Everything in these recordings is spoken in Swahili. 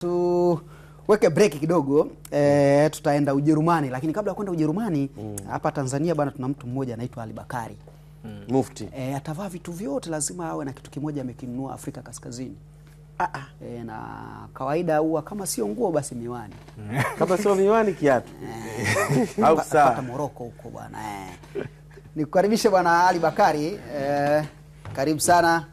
Tuweke break kidogo e, tutaenda Ujerumani, lakini kabla ya kwenda Ujerumani mm. hapa mm. Tanzania bana, tuna mtu mmoja anaitwa Ali Bakari mm. Mufti e, atavaa vitu vyote, lazima awe na kitu kimoja amekinunua Afrika Kaskazini. Ah, ah. E, na kawaida huwa kama sio nguo basi miwani kama sio miwani kiatu au saa kutoka Moroko huko bwana e. Nikukaribishe bwana Ali Bakari e, karibu sana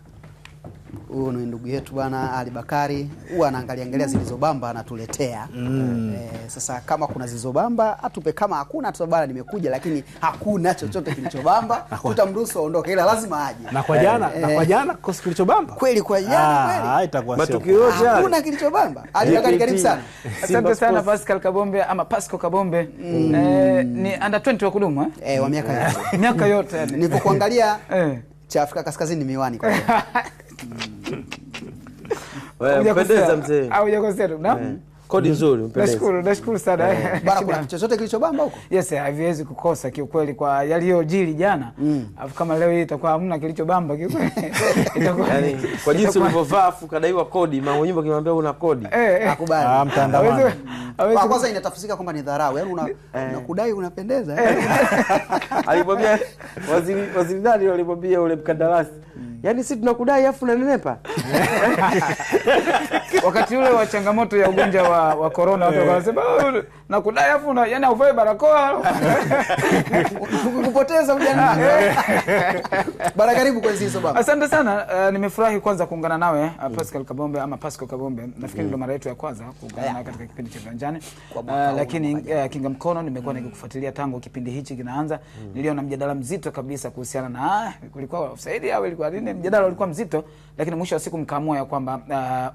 huyu ni ndugu yetu bwana Ali Bakari, huwa anaangalia angalia zilizobamba anatuletea. Mm. E, sasa kama kuna zilizobamba atupe, kama hakuna tutabana, nimekuja lakini hakuna chochote kilichobamba tutamruhusu aondoke, ila lazima aje. Na kwa jana e, na kwa jana kosi kilichobamba kweli, kwa jana ah, kweli ah, matukio hakuna kilichobamba. Ali eh, Bakari, karibu sana, asante sana Pascal Kabombe ama Pasco Kabombe. Mm. E, ni under 20 wa kudumu eh, Eh, wa miaka yote miaka yote nilipokuangalia cha Afrika Kaskazini miwani kwa wewe mpendeza mzee. Au hujakosea tu, naam. Eh. Kodi mm-hmm. nzuri mpendeza. Nashukuru, nashukuru sana. Eh, bara kuna chochote kilichobamba huko? Yes, haviwezi kukosa kiukweli kwa yaliyojiri jana. Mm. alafu kama leo hii itakuwa hamna kilichobamba kiukweli. Itakuwa yani kwa jinsi ulivyovaa afu kadaiwa kodi, mambo nyumba kimwambia una kodi. Eh, eh. Akubali. Ah, mtandao. Kwa kwanza inatafsika kwamba ni dharau. Yaani una unakudai unapendeza. Alimwambia waziri waziri nani alimwambia ule mkandarasi. Mm. Yaani sisi tunakudai afu unanenepa wakati ule wa changamoto ya ugonjwa wa, wa corona watu wanasema eh. oh, na kudai afu na yani uvae barakoa kupoteza ujana eh. bara karibu kwa hizo baba asante sana uh, nimefurahi kwanza kuungana nawe uh, Pascal Kabombe ama Pascal Kabombe nafikiri ndio mm. mara yetu ya kwanza kuungana yeah. katika kipindi cha viwanjani uh, lakini uh, kinga mkono nimekuwa mm. nikikufuatilia tangu kipindi hichi kinaanza mm. niliona mjadala mzito kabisa kuhusiana na kulikuwa usaidia au ilikuwa nini mjadala ulikuwa mzito lakini mwisho wa siku mkaamua ya kwamba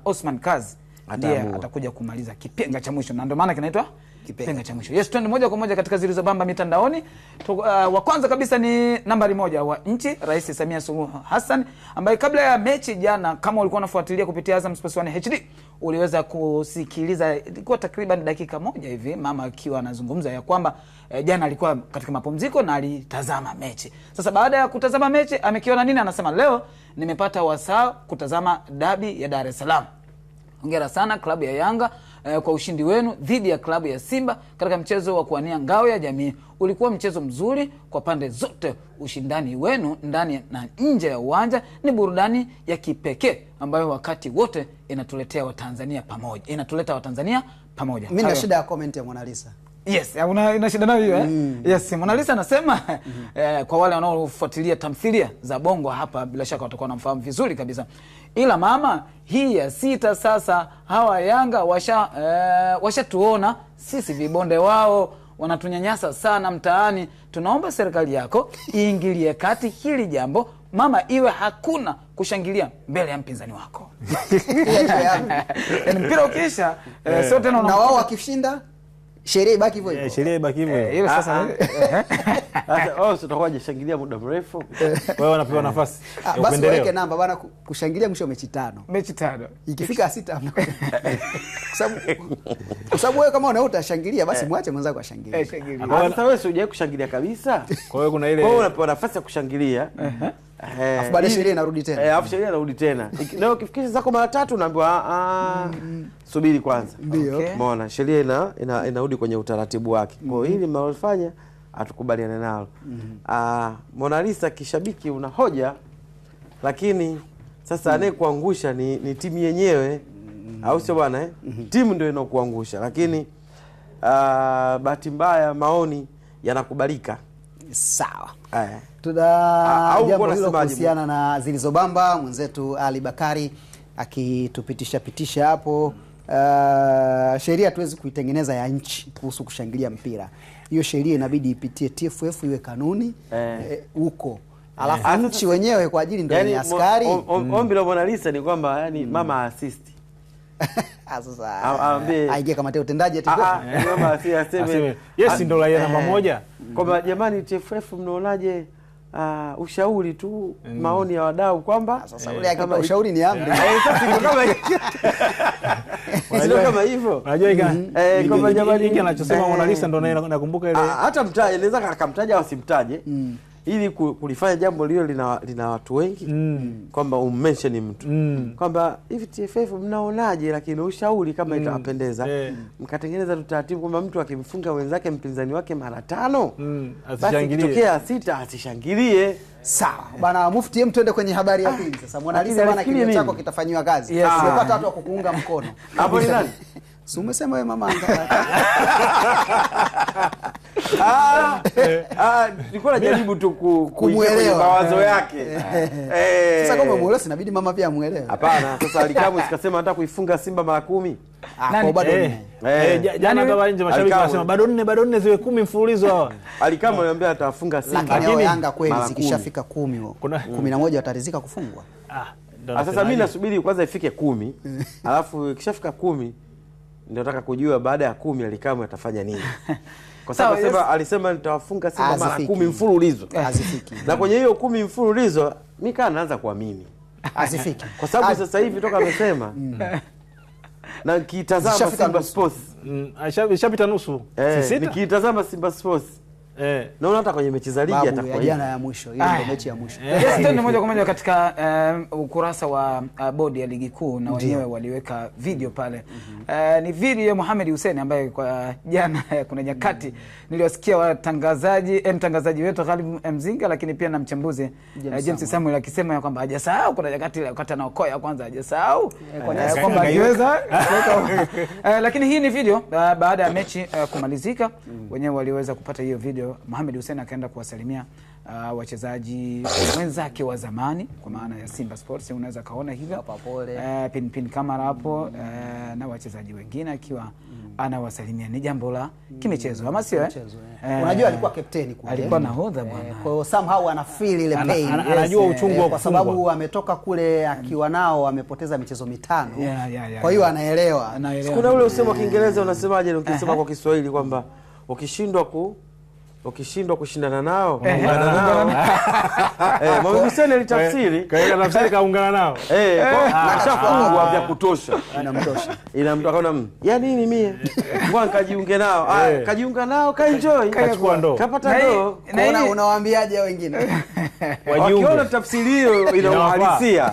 uh, Osman kazi ndiye atakuja kumaliza kipenga cha mwisho, na ndio maana kinaitwa kipenga cha mwisho. Yes, twende moja kwa moja katika Zilizobamba mitandaoni. Uh, wa kwanza kabisa ni nambari moja wa nchi Rais Samia Suluhu Hassan, ambaye kabla ya mechi jana, kama ulikuwa unafuatilia kupitia Azam Sports One HD, uliweza kusikiliza, ilikuwa takriban dakika moja hivi, mama akiwa anazungumza ya kwamba eh, jana alikuwa katika mapumziko na alitazama mechi. Sasa baada ya kutazama mechi amekiona nini? Anasema leo nimepata wasaa kutazama dabi ya Dar es Salaam Hongera sana klabu ya Yanga eh, kwa ushindi wenu dhidi ya klabu ya Simba katika mchezo wa kuwania ngao ya jamii. Ulikuwa mchezo mzuri kwa pande zote. Ushindani wenu ndani na nje ya uwanja ni burudani ya kipekee ambayo wakati wote inatuletea Watanzania pamoja, inatuleta Watanzania pamoja. Mimi na shida ya comment ya Mwanalisa Yes, una, una shida nayo hiyo eh? Mm. Yes, Mona Lisa anasema mm -hmm. eh, kwa wale wanaofuatilia tamthilia za Bongo hapa bila shaka watakuwa wanamfahamu vizuri kabisa. Ila mama, hii ya sita sasa hawa Yanga washa eh, washatuona sisi vibonde wao wanatunyanyasa sana mtaani. Tunaomba serikali yako iingilie kati hili jambo mama, iwe hakuna kushangilia mbele ya mpinzani wako. Yaani mpira ukiisha eh, eh, sio tena na wao wakishinda sheria eh, ibaki hivyo hivyo, sheria eh, ibaki hivyo hilo. Sasa ah, ah, ah. sasa, oh, tutakuwa jishangilia muda mrefu, wewe wanapewa nafasi ya basi, weke namba bwana, kushangilia mwisho mechi tano, mechi tano, ikifika sita, kwa sababu wewe kama unaona utashangilia, basi eh. mwache mwenzako ashangilie. Sasa wewe si hujawahi kushangilia kabisa, kwa hiyo kuna ile, kwa hiyo unapewa nafasi ya kushangilia Eh, alafu baadaye sheria inarudi tena. Eh, alafu sheria inarudi tena. Leo ukifikisha zako mara tatu unaambiwa ah, ah subiri kwanza. Ndio. Umeona sheria ina, ina inarudi kwenye utaratibu wake. Kwa hiyo mm-hmm. hili mnalofanya hatukubaliane nalo. Mm-hmm. Ah, Mona Lisa kishabiki una hoja lakini sasa mm-hmm. anayekuangusha ni, ni timu yenyewe au sio bwana eh? Timu ndio inaokuangusha, lakini uh, bahati mbaya maoni yanakubalika sawa. Tuna jambo hilo kuhusiana na Zilizobamba, mwenzetu Ali Bakari akitupitisha pitisha hapo. Uh, sheria tuwezi kuitengeneza ya nchi kuhusu kushangilia mpira. Hiyo sheria inabidi ipitie TFF iwe kanuni eh. Eh, huko eh. eh, alafu ah, nchi wenyewe kwa ajili ndio yaani ni askari. Ombi mm. la Mona ni kwamba yani, mm. mama asisti Ah, sasa ah, ah, aingie kamati ya utendaji ndo raia namba eh, moja kwamba jamani, TFF mnaonaje? Uh, ushauri tu mm. Maoni ya wadau kwamba eh, ushauri ni amri eh, kama hivyo, mm-hmm. kwamba jamani, hiki anachosema Mona ndo nakumbuka ile, hata mtaje, inaweza akamtaja wasimtaje mm ili kulifanya jambo lilo lina, lina watu wengi mm. kwamba ummention mtu mm. kwamba hivi TFF mnaonaje, lakini ushauri kama mm. itawapendeza yeah. mkatengeneza utaratibu kwamba mtu akimfunga wenzake mpinzani wake mara tano mm. basi kitokea sita asishangilie. Sawa bana Mufti, hem, tuende kwenye habari ya pili sasa. Ah, Mwanalisa bana, chako kitafanyiwa kazi. Yes. Ah. watu wa kukuunga mkono hapo ni nani? Si umesema wewe mama ah, ah, nilikuwa najaribu tu mawazo yake. Eh. Eh. Sasa kama mama pia amuelewe. Hapana, sasa Alikamwe sikasema nataka kuifunga Simba mara kumi. Ah, bado eh. jana baba nje mashabiki wanasema bado nne bado nne ziwe kumi mfululizo hawa. Alikamwe atafunga Simba. Lakini Yanga kweli zikishafika kumi, kumi na moja watarizika kufungwa. Ah, ah, sasa mimi nasubiri kwanza ifike kumi. Alafu ikishafika kumi ndio nataka kujua baada ya kumi alikamwe atafanya nini? Kwa sababu so, yes. alisema nitawafunga Simba mara kumi mfululizo na kwenye hiyo kumi mfululizo mi kaa naanza kuamini azifiki kwa sababu sasa hivi toka amesema mm. na mm, eh, nikitazama Simba Sports ishapita nusu, eh, nikitazama Simba Sports eh. Naona hata kwenye mechi za ligi atakuwa jana ya mwisho, hiyo ndio mechi ya mwisho. Yes, eh. tena moja kwa moja katika uh, ukurasa wa uh, bodi ya ligi kuu na wenyewe waliweka video pale. Mm -hmm. Uh, ni video ya Mohamed Hussein ambaye kwa jana kuna nyakati mm -hmm. niliwasikia watangazaji eh, mtangazaji wetu Ghalib Mzinga lakini pia na mchambuzi uh, James Samuel akisema ya kwamba hajasahau kuna nyakati ile wakati anaokoa kwanza hajasahau kwamba angeweza lakini hii ni video uh, baada ya mechi uh, kumalizika mm -hmm. wenyewe waliweza kupata hiyo video Mohamed Hussein akaenda kuwasalimia uh, wachezaji wenzake wa zamani kwa maana ya Simba Sports, unaweza kaona hivyo uh, eh, pin pin kamera hapo mm. uh, na wachezaji wengine akiwa mm. anawasalimia. Ni jambo la mm. kimichezo ama sio? Eh? Unajua alikuwa captain kule, alikuwa nahodha bwana, kwa hiyo somehow ana feel ile pain, anajua uchungu kwa sababu ametoka kule akiwa nao amepoteza michezo mitano, yeah, yeah, yeah, kwa hiyo anaelewa. Kuna ule usemo wa Kiingereza unasemaje, ukisema kwa Kiswahili kwamba ukishindwa ku ukishindwa kushindana nao ungana eh, alitafsiri tafsiri kaungana nao eh, vya ah, ah, ah. kutosha, inamtosha inamtoa kaona mimi yani nini mie ngoja nikajiunge nao eh. kajiunga nao ka ndoo kapata ndoo. Unawaambiaje wengine wakiona tafsiri hiyo inauhalisia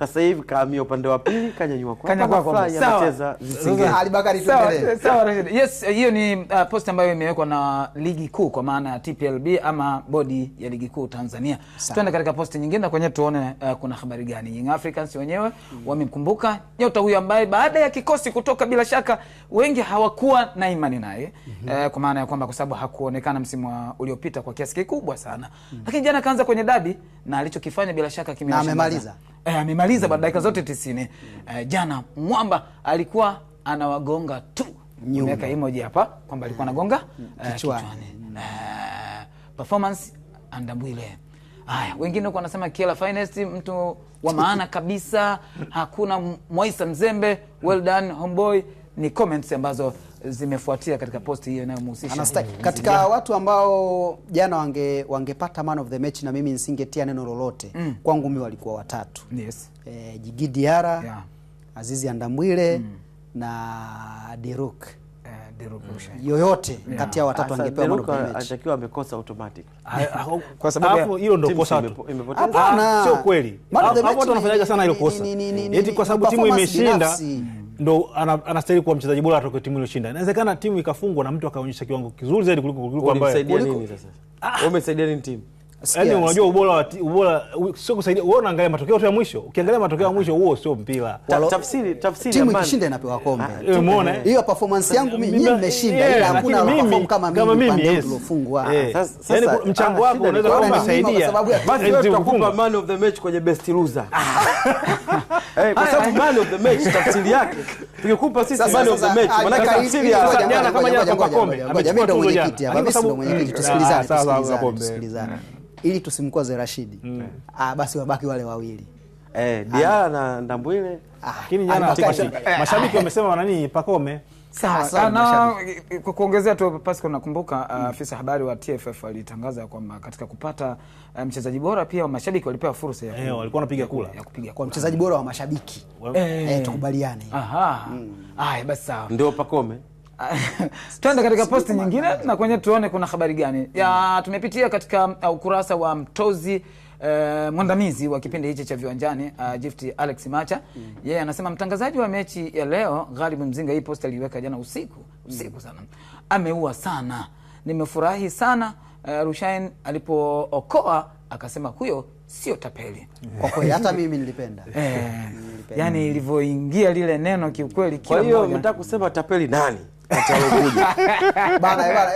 Sasa hivi kaamia upande wa pili kanyanyua anacheza yes. Hiyo ni uh, post ambayo imewekwa na ligi kuu kwa maana ya TPLB ama bodi ya ligi kuu Tanzania. Twende katika posti nyingine na kwenye tuone, uh, kuna habari gani. Young Africans wenyewe mm, wamemkumbuka nyota huyu ambaye baada ya kikosi kutoka, bila shaka wengi hawakuwa na imani naye mm -hmm. uh, kwa maana ya kwamba kwa sababu hakuonekana msimu uliopita kwa kiasi kikubwa sana mm, lakini jana kaanza kwenye dabi na alichokifanya bila shaka kimemaliza Eh, amemaliza mm. dakika zote tisini eh, jana mwamba alikuwa anawagonga tu miaka imoja hapa kwamba alikuwa anagonga mm. eh, kichwani eh, performance andabwile Haya, wengine huko wanasema kila Finest mtu wa maana kabisa, hakuna Moisa Mzembe, well done homeboy ni comments ambazo zimefuatia katika posti hiyo inayomhusisha katika yeah. watu ambao jana wange wangepata man of the match na mimi nisingetia neno lolote mm. Kwangu mimi walikuwa watatu yes. E, Jigi Diara yeah. Azizi Andamwile mm. na Deruk eh, yoyote yeah. kati ya watatu angepewa man of Atakiwa amekosa automatic. Ah, eh, kwa sababu hiyo ndio kosa tu. Ah, Hapana, sio kweli. Hapo watu wanafanyaje sana ile kosa. Eti kwa sababu timu imeshinda ndo anastahili kuwa mchezaji bora atoke timu iliyoshinda. Inawezekana timu ikafungwa na mtu akaonyesha kiwango kizuri zaidi kuliko kuliko ambaye. Umesaidia nini sasa? Ah! Umesaidia nini timu? Yaani unajua ubora ubora sio kusaidia. Wewe unaangalia matokeo tu ya mwisho. Ukiangalia matokeo ya ah. mwisho huo sio mpira. Tafsiri tafsiri timu ikishinda inapewa kombe. Ah, eh, umeona? Hiyo performance yangu mimi nyinyi mmeshinda ila eh, hakuna perform kama mimi pande yangu iliyofungwa. Eh. Sasa yaani mchango wako unaweza kumsaidia. Basi wewe tutakupa man of the match kwenye best loser. Ah. Eh, kwa sababu man of the match tafsiri yake tukikupa sisi man of the match maana tafsiri ya jana kama jana kwa kombe. Amechukua ndio mwenyekiti hapa. Mimi ndio mwenyekiti. Tusikilizane. Tusikilizane ili tusimkwaze Rashidi mm. Eh. Ah, basi wabaki wale wawili eh, ah. Diara na Ndambwile, ah. lakini ah, jana mashabiki wamesema nani Pakome sana kwa kuongezea tu Pascal, nakumbuka afisa uh, habari wa TFF alitangaza kwamba katika kupata uh, mchezaji bora pia wa mashabiki walipewa fursa ya eh, walikuwa wanapiga kula ya kupiga kwa mchezaji bora wa mashabiki eh, eh, tukubaliane. Aha, ah basi sawa, ndio Pakome twende katika posti nyingine na kwenye tuone kuna habari gani ya tumepitia katika uh, ukurasa wa mtozi Uh, mwandamizi wa kipindi hichi cha viwanjani uh, Gift Alex Macha mm. yeye mm. yeah, anasema mtangazaji wa mechi ya leo ghalibu Mzinga, hii posta aliweka jana usiku usiku mm. sana, ameua sana, nimefurahi sana uh, Rushain alipookoa akasema huyo sio tapeli kwa kweli, hata mimi nilipenda eh, yani mm. ilivyoingia lile neno kiukweli. Kwa hiyo mtaka kusema tapeli nani? watalokuja bana bana,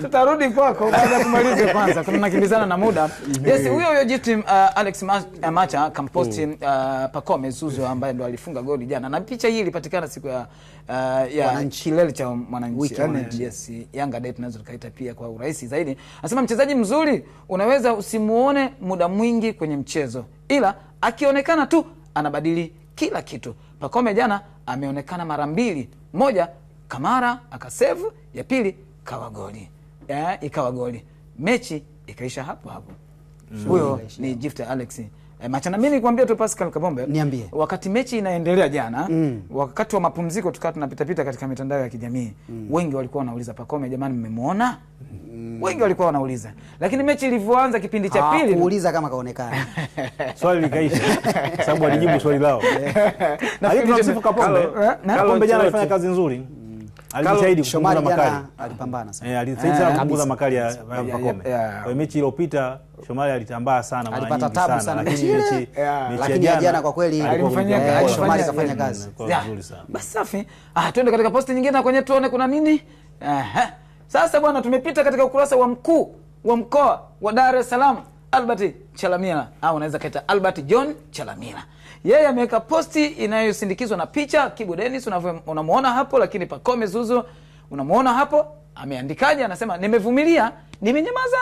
tutarudi kwako baada ya kumaliza. Kwanza nakimbizana na muda. Yes, huyo huyo Jitim Alex Macha kamposti Pacome Zouzoua ambaye ndo alifunga goli jana, na picha hii ilipatikana siku ya ya kilele cha Mwananchi, yes Yanga tunaweza tukaita pia kwa urahisi zaidi. Anasema mchezaji mchezaji mzuri unaweza usimuone muda mwingi kwenye mchezo, ila akionekana tu anabadili kila kitu. pakome jana ameonekana mara mbili, moja Kamara akasev ya pili kawa goli eh, ikawa goli, mechi ikaisha hapo hapo. Mm. Huyo mm, ni jifte alexi E, macha na mimi nikwambia tu Pascal Kabombe. Niambie. Wakati mechi inaendelea jana, mm. wakati wa mapumziko tukawa tunapita pita katika mitandao ya kijamii. Mm. Wengi walikuwa wanauliza pakome jamani mmemwona? Mm. Wengi walikuwa wanauliza. Lakini mechi ilivyoanza kipindi cha pili, kuuliza kama kaonekana. Swali likaisha. Sababu alijibu swali lao. Eh, na tunamsifu Kapombe. kabombe jana alifanya kazi nzuri alijitahidi kupunguza makali, alipambana sana eh, alijitahidi sana eh, kupunguza makali ya Pacome. Kwa mechi iliyopita Shomari alitambaa sana, alipata tabu sana, lakini mechi mechi ya jana kwa kweli alifanya Shomari kafanya kazi nzuri sana. Basi safi. Ah, twende katika posti nyingine na kwenye tuone kuna nini. Aha. Sasa bwana, tumepita katika ukurasa wa mkuu wa mkoa wa Dar es Salaam Albert Chalamila au ah, unaweza kaita Albert John Chalamila. Yeye ameweka posti inayosindikizwa na picha Kibu denis unamwona hapo, lakini pakome Zuzu unamwona hapo. Ameandikaje? Anasema nimevumilia, nimenyamaza,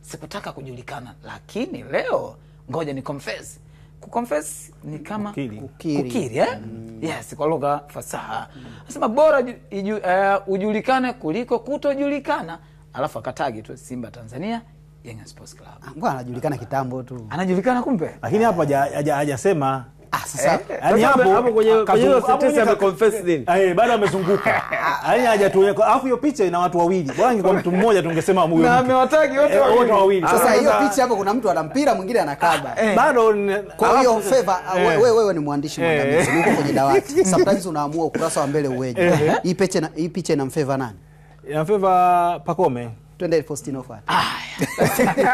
sikutaka kujulikana, lakini leo ngoja ni confess. kukonfes ni kama kukiri, kukiri, kukiri eh? Mm. Yes, kwa lugha fasaha anasema mm. Bora iju, uh, ujulikane kuliko kutojulikana, alafu akatagi tu Simba Tanzania Yanga Sports Club. Ah, anajulikana kitambo tu, anajulikana kumbe, lakini hapo hajasema bado amezunguka, yaani hajatuweka. hiyo picha ina watu wawili, bora ingekuwa mtu mmoja tungesema huyo eh, ah, hiyo picha hapo, kuna mtu ana mpira mwingine anakaba, eh. eh. bado. Kwa hiyo Feva, wewe ni mwandishi mwandamizi, kwenye dawati, sometimes unaamua ukurasa wa mbele uweje. Hii picha hii picha inamfeva nani? Inamfeva Pakome. Twende Faustino Fati. Ah,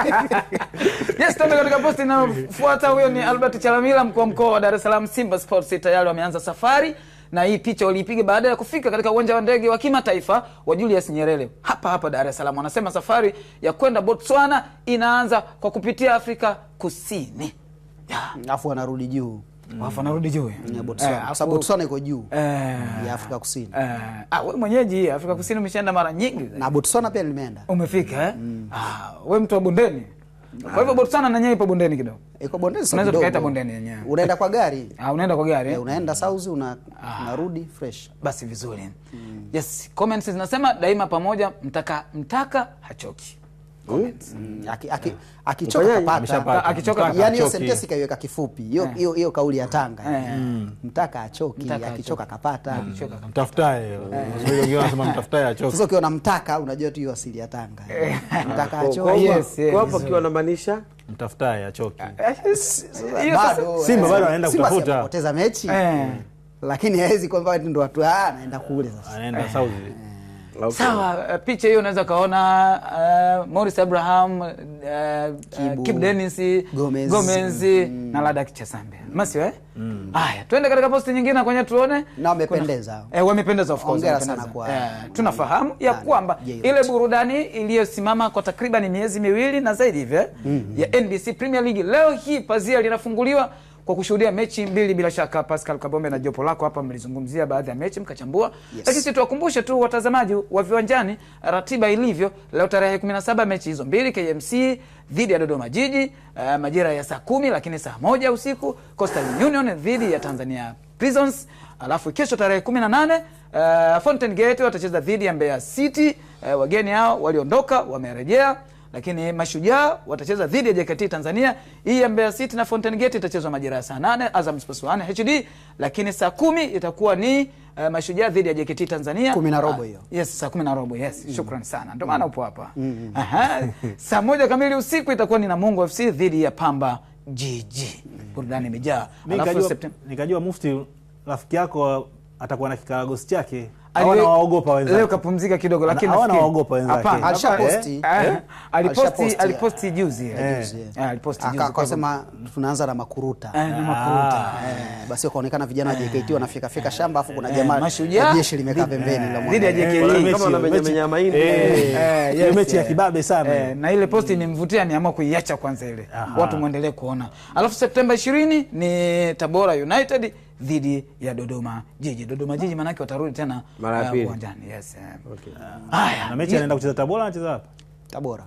Yes, tuende katika posti inayofuata. Huyo ni Albert Chalamila, mkuu wa mkoa wa Dar es Salaam. Simba Sports tayari wameanza safari na hii picha waliipiga baada ya kufika katika uwanja wa ndege wa kimataifa wa Julius Nyerere hapa hapa Dar es Salaam. Wanasema safari ya kwenda Botswana inaanza kwa kupitia Afrika Kusini, alafu wanarudi juu Mm. alafu anarudi juu mm. ya Botswana, eh, sababu Botswana iko juu eh. ya Afrika Kusini. Eh, ah, wewe mwenyeji Afrika Kusini umeshaenda mara nyingi, na Botswana pia nimeenda. Umefika eh? Mm. Ah, wewe mtu wa bondeni. Kwa hivyo ah. Botswana na yenyewe ipo bondeni kidogo. Iko bondeni sana. Unaweza tukaita bondeni yenyewe. Unaenda kwa gari. Ah, unaenda kwa gari. Yeah, unaenda South una ah. unarudi fresh. Basi vizuri. Mm. Yes, comments zinasema daima pamoja mtaka mtaka hachoki. Mm, eh. Yani hiyo sentensi kifupi, eh. hiyo kauli ya Tanga, eh. mm. mtaka achoki, mm. akichoka kapata. Sasa ukiwa na mtaka unajua tu hiyo asili ya Tanga, mtaka achoki hapo kiwa namaanisha mtafutae achoki. bado anaenda mechi lakini hawezi kwamba ndo watu, ah, anaenda kule sasa, anaenda okay. Sawa, eh, picha hiyo unaweza ukaona uh, Morris Abraham uh, uh, Kip Dennis Gomez, Gomez mm. na Lada Kichesambe masio eh? mm. Haya, twende katika posti nyingine na kwenye tuone na wamependeza eh, wamependeza of course hongera sana kwa eh, tunafahamu ya kwamba ile burudani iliyosimama kwa takriban miezi miwili na zaidi hivi mm -hmm. ya NBC Premier League leo hii pazia linafunguliwa kwa kushuhudia mechi mbili bila shaka. Pascal Kabombe na jopo lako hapa mlizungumzia baadhi ya mechi mkachambua, yes. Lakini si tuwakumbushe tu watazamaji wa viwanjani ratiba ilivyo leo tarehe 17 mechi hizo mbili KMC dhidi ya Dodoma Jiji uh, majira ya saa kumi, lakini saa moja usiku Coastal Union dhidi ya Tanzania Prisons, alafu kesho tarehe 18 Uh, eh, Fountain Gate watacheza dhidi ya Mbeya City. Uh, wageni hao waliondoka wamerejea lakini Mashujaa watacheza dhidi ya JKT Tanzania. Hii ya mbea City na Fountain Gate itachezwa majira ya saa nane Azam Sports 1 HD, lakini saa kumi itakuwa ni uh, Mashujaa dhidi ya JKT Tanzania kumi na ah, robo hiyo. Uh, yes, saa kumi na robo. Yes, mm. shukran sana. ndo maana mm. upo hapa. Mm -hmm. Aha. saa moja kamili usiku itakuwa ni Namungo FC dhidi ya Pamba Jiji. mm. Burudani imejaa. Alafu Septemba nikajua Mufti rafiki yako atakuwa na kikaragosi chake leo kapumzika kidogo, lakini aliposti aliposti juzi akasema tunaanza na makuruta eh, ah. eh, basi, wakaonekana vijana wa eh. JKT wanafika fika shamba, afu kuna jamaa mashujaa jeshi limekaa pembeni dhidi ya JKT kama wanamenyamenya mahindi, ile mechi ya kibabe sana. Na ile posti imemvutia, niamua kuiacha kwanza, ile watu muendelee kuona, alafu Septemba 20 ni Tabora United dhidi ya Dodoma Jiji. Dodoma Jiji maanake watarudi tena uh, uwanjani. Uh, yes. Okay. Uh, na mechi anaenda kucheza Tabora, anacheza hapa Tabora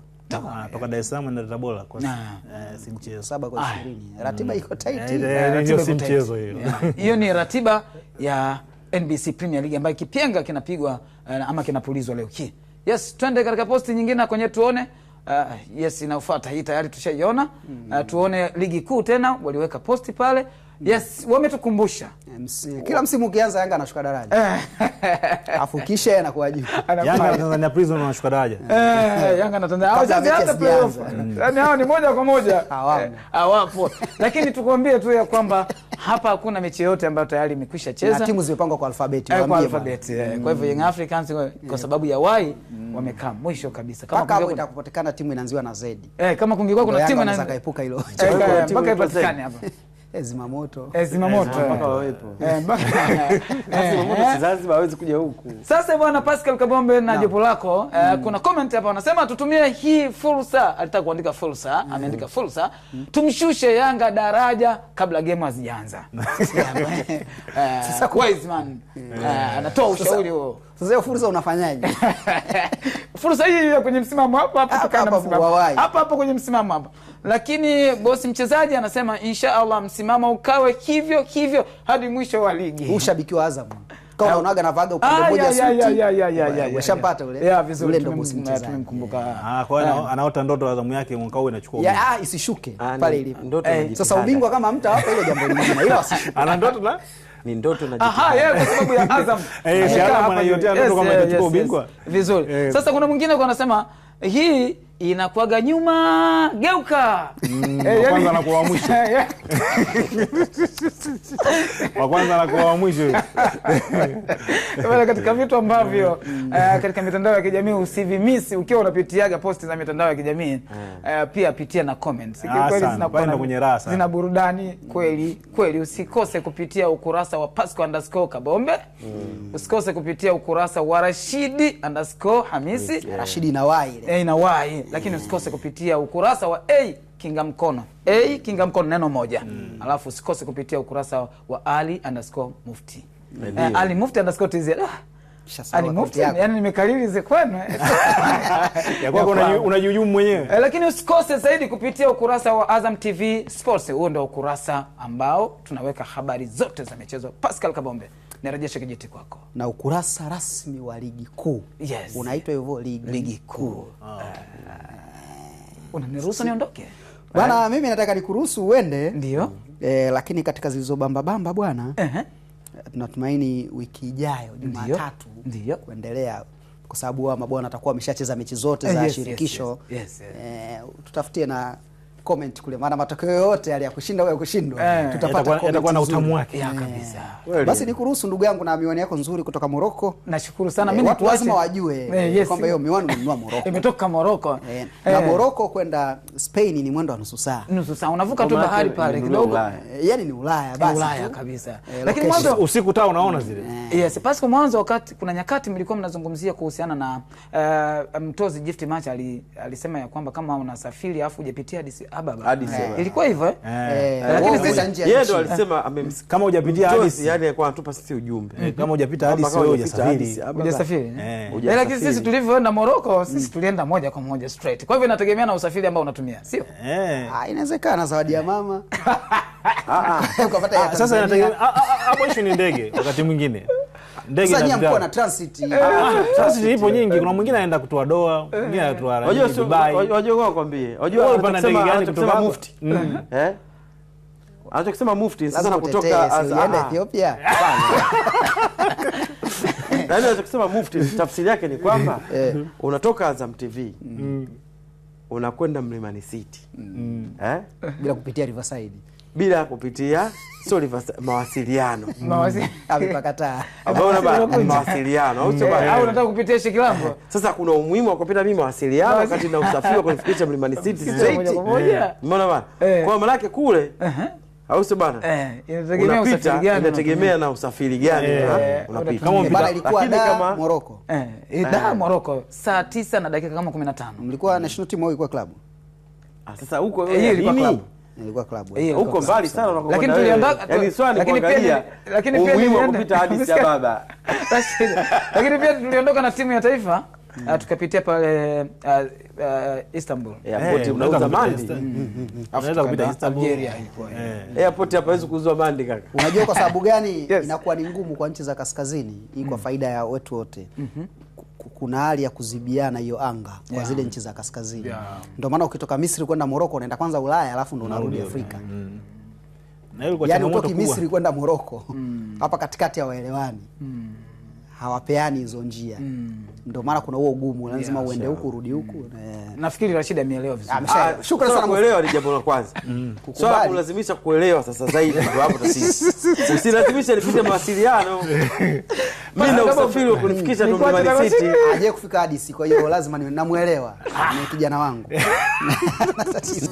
toka Dar es Salaam naenda Tabora kwa uh, si mchezo saba kwa ishirini. Ratiba iko tight, eh, uh, eh, hiyo si mchezo hiyo. Hiyo ni ratiba ya NBC Premier League ambayo kipenga kinapigwa uh, ama kinapulizwa leo hii. Yes, twende katika posti nyingine na kwenye tuone uh, yes inayofuata hii tayari tushaiona. Hmm. Uh, tuone ligi kuu tena waliweka posti pale Mm. Yes, wametukumbusha eh, kila msimu ukianza Yanga anashuka daraja afu kisha anakuwa juu. Yanga na Tanzania Prison wanashuka daraja. Eh, eh Yanga na Tanzania hawajapata playoff. Mm. Yaani hao ni moja kwa moja eh, hawapo. Lakini tukwambie tu ya kwamba hapa hakuna mechi yote ambayo tayari imekwisha cheza na timu zimepangwa kwa alfabeti. eh, Kwa alfabeti. yeah. Kwa hivyo mm. Young Africans kwa yeah. sababu ya wai wamekaa mwisho kabisa. Kama kungekuwa itakupatikana timu inaanziwa na Z. Eh, kama kungekuwa kuna timu inaanza kaepuka hilo. Mpaka ipatikane hapa zimamoto Zanzibar hawezi kuja huku. Sasa bwana Pascal Kabombe na jopo lako eh, mm. kuna comment hapa wanasema tutumie hii fursa, alitaka kuandika fursa, mm. ameandika mm. fursa, tumshushe Yanga daraja kabla game hazijaanza. Eh. Sasa wise man eh. Eh, anatoa ushauri huo. Sasa fursa unafanyaje? Fursa hii kwenye msimamo hapa hapa hapa kwenye msimamo hapa lakini bosi mchezaji anasema insha Allah ukawe hivyo hivyo hadi mwisho wa ligi. ushabiki wa Azam ah, ah. anaota ndoto azamu yake mwaka ah, eh, ubingwa kama wapo ilo jambo lingine, ya eh, vizuri. Eh. Sasa kuna mwingine anasema hii inakuaga nyuma geuka mm, eh, kwanza anakuwa mwisho eh, wa kwanza anakuwa katika vitu ambavyo uh, katika mitandao ya kijamii usivimisi ukiwa unapitiaga posti za mitandao ya kijamii uh, pia pitia na comments ah, zina burudani kweli kweli usikose kupitia ukurasa wa pasco kabombe mm. usikose kupitia ukurasa wa rashidi underscore hamisi yeah. rashidi inawai inawai lakini usikose kupitia ukurasa wa a kinga mkono a kinga mkono neno moja mm. alafu usikose kupitia ukurasa wa ali underscore mufti eh, ali mufti underscore tz ah. nimekariri ze mwenyewe eh, lakini usikose zaidi kupitia ukurasa wa Azam TV Sports. Huo ndo ukurasa ambao tunaweka habari zote za michezo. Pascal Kabombe narejesha kijiti kwako. Na ukurasa rasmi wa ligi kuu yes. unaitwa hivyo ligi, ligi kuu oh. unaniruhusu niondoke bwana? Eh? Mimi nataka nikuruhusu uende, ndio eh, lakini katika zilizobambabamba bwana uh -huh. tunatumaini wiki ijayo Jumatatu ndio kuendelea kwa sababu wao mabwana atakuwa ameshacheza mechi zote eh, za yes, shirikisho yes, yes, yes, yes. Eh, tutafutie na comment kule, maana matokeo yote yale ya kushinda au kushindwa eh, tutapata yatakuwa na utamu wake eh, kabisa. Well, basi nikuruhusu ndugu yangu na miwani yako nzuri kutoka Morocco. Nashukuru sana eh, mimi watu lazima wajue eh, yes, kwamba hiyo miwani unanunua Morocco imetoka Morocco eh, eh. na eh, Morocco kwenda Spain ni mwendo wa nusu saa, nusu saa unavuka tu bahari pale kidogo, eh, yani ni Ulaya eh, basi Ulaya kabisa eh, lakini mwanzo usiku tao unaona zile eh, yes kwa mwanzo wakati kuna nyakati mlikuwa mnazungumzia kuhusiana na uh, mtozi Gift Match alisema ya kwamba kama unasafiri afu hujapitia Ah, eh, ilikuwa hivyo eh? Eh. ndo ah. alisema mm. kama hujapitia hadithi yani alikuwa anatupa sisi ujumbe kama hujapita hadithi wewe hujasafiri hujasafiri lakini sisi tulivyoenda Moroko mm. sisi tulienda moja kwa moja straight kwa hivyo inategemea na usafiri ambao unatumia sio ah, inawezekana zawadi ya mama sasa inategemea hapo issue ni ndege wakati mwingine Ah, ah, ipo nyingi, kuna mwingine anaenda kutoa doa, mwingine eh. anatoa mufti. Mm. Eh? Anachokisema mufti sasa ah. Ethiopia. Yaani anachokisema mufti tafsiri yake ni kwamba eh. unatoka Azam TV. Mm. Unakwenda Mlimani City. Mm. Bila kupitia Riverside bila kupitia mawasiliano amepakataa mawasiliano eh, au unataka kupitia shikilango. Sasa kuna umuhimu wa kupita mimi mawasiliano wakati na usafiri wa kunifikisha Mlimani City straight, eh, umeona bana, eh. kwa maana yake kule uh-huh. au sio bana, inategemea inategemea na usafiri gani unapita. Kama ilikuwa da Morocco, eh da Morocco saa tisa na dakika kama 15 mlikuwa national team au ilikuwa klabu? Ah, sasa huko ilikuwa nilikuwa eh, klabu hiyo huko mbali sana unakokwenda, lakini tuliandaa, yani swali lakini pia lakini pia nilienda kupita hadi si baba, lakini pia tuliondoka na timu ya taifa mm. tukapitia pale uh, uh, ah, eh, Istanbul eh, airport. Hey, unauza mandi, hmm. hmm, hmm, unaweza kupita Istanbul, Algeria ilikuwa airport hapa hizo kuuza mandi kaka. Unajua kwa sababu gani? yes. inakuwa ni ngumu kwa nchi za kaskazini hii, kwa faida ya wetu wote mm -hmm kuna hali ya kuzibiana hiyo anga kwa yeah. zile nchi za kaskazini yeah. Ndio maana ukitoka Misri kwenda Moroko unaenda kwanza Ulaya alafu ndo unarudi Afrika mm. na hiyo yani, utoki Misri kwenda Moroko mm. hapa mm. katikati ya waelewani mm hawapeani hizo njia mm. Ndio maana kuna huo ugumu, lazima yeah, uende huku urudi mm. huku mm. yeah. Nafikiri Rashid ameelewa vizuri. Ah, Shukrani ah, sana, kuelewa ni jambo la kwanza mm. Swala so, kulazimisha kuelewa sasa zaidi ndio hapo tasisi usilazimisha nipite mawasiliano mimi na usafiri wa kunifikisha ndio Mlimani City aje kufika hadi, kwa hiyo lazima ni namuelewa ni kijana wangu na tatizo